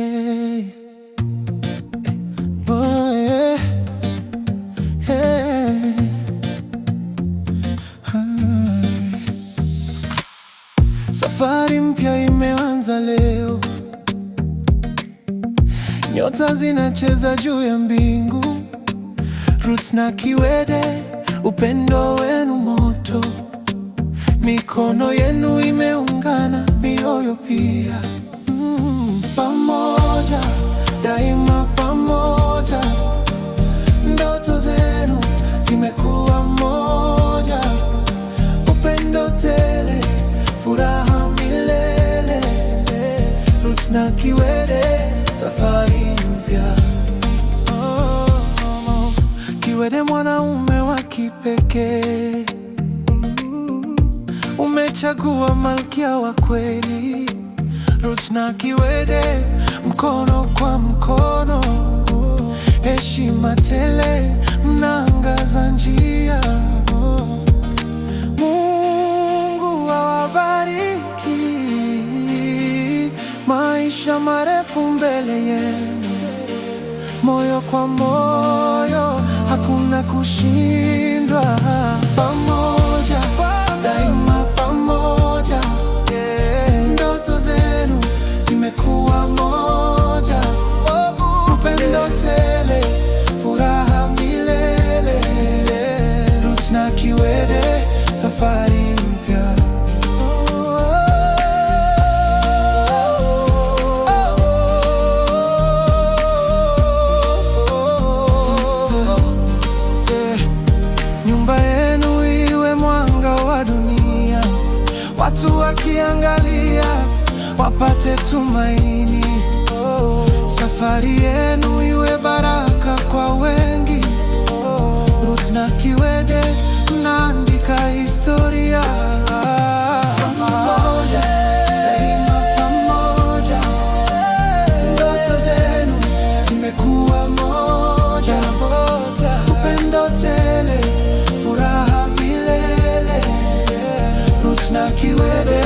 Safari mpya imeanza leo, nyota zinacheza juu ya mbingu. Roots na Kiwede, upendo wenu moto, mikono yenu imeungana, mioyo pia Roots na Kiwede, safari mpya. Oh, Kiwede mwanaume wa kipekee, umechagua malkia wa kweli. Roots na Kiwede, mkono kwa mkono, heshima tele, mnaangaza njia maisha marefu mbele yenu, moyo kwa moyo, hakuna kushindwa. watu wakiangalia wapate tumaini. Oh, safari yenu iwe baraka. kiwebe